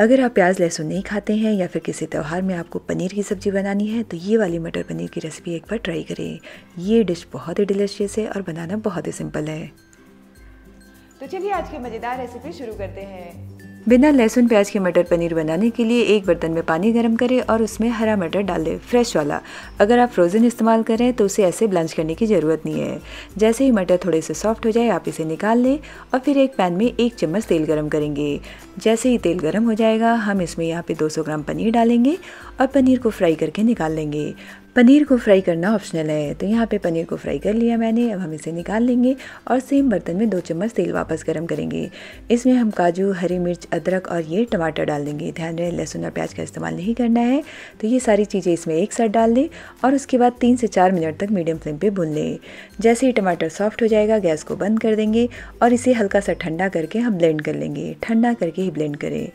अगर आप प्याज लहसुन नहीं खाते हैं या फिर किसी त्यौहार में आपको पनीर की सब्ज़ी बनानी है तो ये वाली मटर पनीर की रेसिपी एक बार ट्राई करें ये डिश बहुत ही डिलिशियस है और बनाना बहुत ही सिंपल है तो चलिए आज की मज़ेदार रेसिपी शुरू करते हैं बिना लहसुन प्याज के मटर पनीर बनाने के लिए एक बर्तन में पानी गर्म करें और उसमें हरा मटर डाल दें फ्रेश वाला अगर आप फ्रोज़न इस्तेमाल करें तो उसे ऐसे ब्लांच करने की ज़रूरत नहीं है जैसे ही मटर थोड़े से सॉफ्ट हो जाए आप इसे निकाल लें और फिर एक पैन में एक चम्मच तेल गर्म करेंगे जैसे ही तेल गर्म हो जाएगा हम इसमें यहाँ पे 200 ग्राम पनीर डालेंगे और पनीर को फ्राई करके निकाल लेंगे पनीर को फ्राई करना ऑप्शनल है तो यहाँ पे पनीर को फ्राई कर लिया मैंने अब हम इसे निकाल लेंगे और सेम बर्तन में दो चम्मच तेल वापस गर्म करेंगे इसमें हम काजू हरी मिर्च अदरक और ये टमाटर डाल देंगे ध्यान रहे लहसुन और प्याज का इस्तेमाल नहीं करना है तो ये सारी चीज़ें इसमें एक साथ डाल दें और उसके बाद तीन से चार मिनट तक मीडियम फ्लेम पर भून लें जैसे ही टमाटर सॉफ्ट हो जाएगा गैस को बंद कर देंगे और इसे हल्का सा ठंडा करके हम ब्लेंड कर लेंगे ठंडा करके ही ब्लेंड करें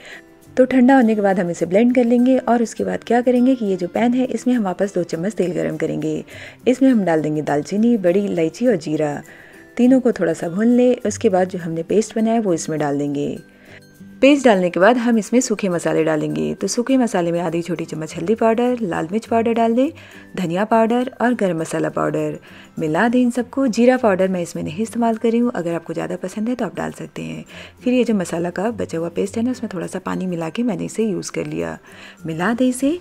तो ठंडा होने के बाद हम इसे ब्लेंड कर लेंगे और उसके बाद क्या करेंगे कि ये जो पैन है इसमें हम वापस दो चम्मच तेल गर्म करेंगे इसमें हम डाल देंगे दालचीनी बड़ी इलायची और जीरा तीनों को थोड़ा सा भून लें उसके बाद जो हमने पेस्ट बनाया वो इसमें डाल देंगे पेस्ट डालने के बाद हम इसमें सूखे मसाले डालेंगे तो सूखे मसाले में आधी छोटी चम्मच हल्दी पाउडर लाल मिर्च पाउडर डाल दें धनिया पाउडर और गर्म मसाला पाउडर मिला दें इन सबको जीरा पाउडर मैं इसमें नहीं इस्तेमाल करी हूँ अगर आपको ज़्यादा पसंद है तो आप डाल सकते हैं फिर ये जो मसाला का बचा हुआ पेस्ट है ना उसमें थोड़ा सा पानी मिला के मैंने इसे यूज़ कर लिया मिला दें इसे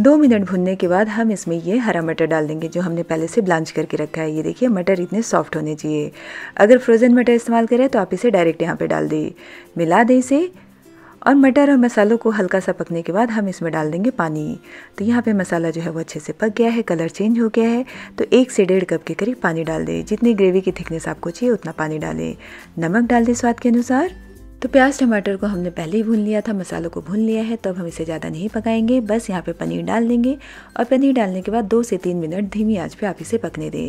दो मिनट भुनने के बाद हम इसमें ये हरा मटर डाल देंगे जो हमने पहले से ब्लांच करके रखा है ये देखिए मटर इतने सॉफ्ट होने चाहिए अगर फ्रोज़न मटर इस्तेमाल करें तो आप इसे डायरेक्ट यहाँ पे डाल दें मिला दें इसे और मटर और मसालों को हल्का सा पकने के बाद हम इसमें डाल देंगे पानी तो यहाँ पे मसाला जो है वो अच्छे से पक गया है कलर चेंज हो गया है तो एक से डेढ़ कप के करीब पानी डाल दें जितनी ग्रेवी की थिकनेस आपको चाहिए उतना पानी डालें नमक डाल दें स्वाद के अनुसार तो प्याज टमाटर को हमने पहले ही भून लिया था मसालों को भून लिया है तो अब हम इसे ज़्यादा नहीं पकाएंगे बस यहाँ पे पनीर डाल देंगे और पनीर डालने के बाद दो से तीन मिनट धीमी आंच पे आप इसे पकने दें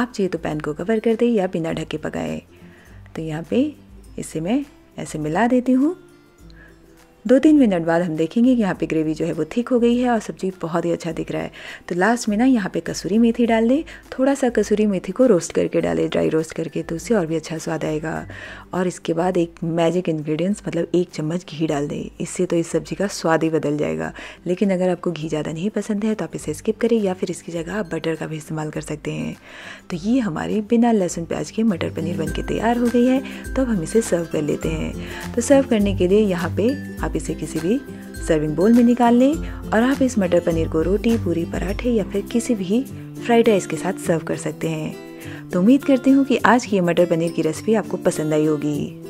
आप चाहिए तो पैन को कवर कर दें या बिना ढके पकाएं तो यहाँ पे इसे मैं ऐसे मिला देती हूँ दो तीन मिनट बाद हम देखेंगे कि यहाँ पे ग्रेवी जो है वो थिक हो गई है और सब्जी बहुत ही अच्छा दिख रहा है तो लास्ट में ना यहाँ पे कसूरी मेथी डाल दें थोड़ा सा कसूरी मेथी को रोस्ट करके डालें ड्राई रोस्ट करके तो उससे और भी अच्छा स्वाद आएगा और इसके बाद एक मैजिक इन्ग्रीडियंट्स मतलब एक चम्मच घी डाल दें इससे तो इस सब्ज़ी का स्वाद ही बदल जाएगा लेकिन अगर आपको घी ज़्यादा नहीं पसंद है तो आप इसे स्किप करें या फिर इसकी जगह आप बटर का भी इस्तेमाल कर सकते हैं तो ये हमारी बिना लहसुन प्याज के मटर पनीर बन तैयार हो गई है तो अब हम इसे सर्व कर लेते हैं तो सर्व करने के लिए यहाँ पर आप आप इसे किसी भी सर्विंग बोल में निकाल लें और आप इस मटर पनीर को रोटी पूरी पराठे या फिर किसी भी फ्राइड राइस के साथ सर्व कर सकते हैं तो उम्मीद करती हूँ कि आज की मटर पनीर की रेसिपी आपको पसंद आई होगी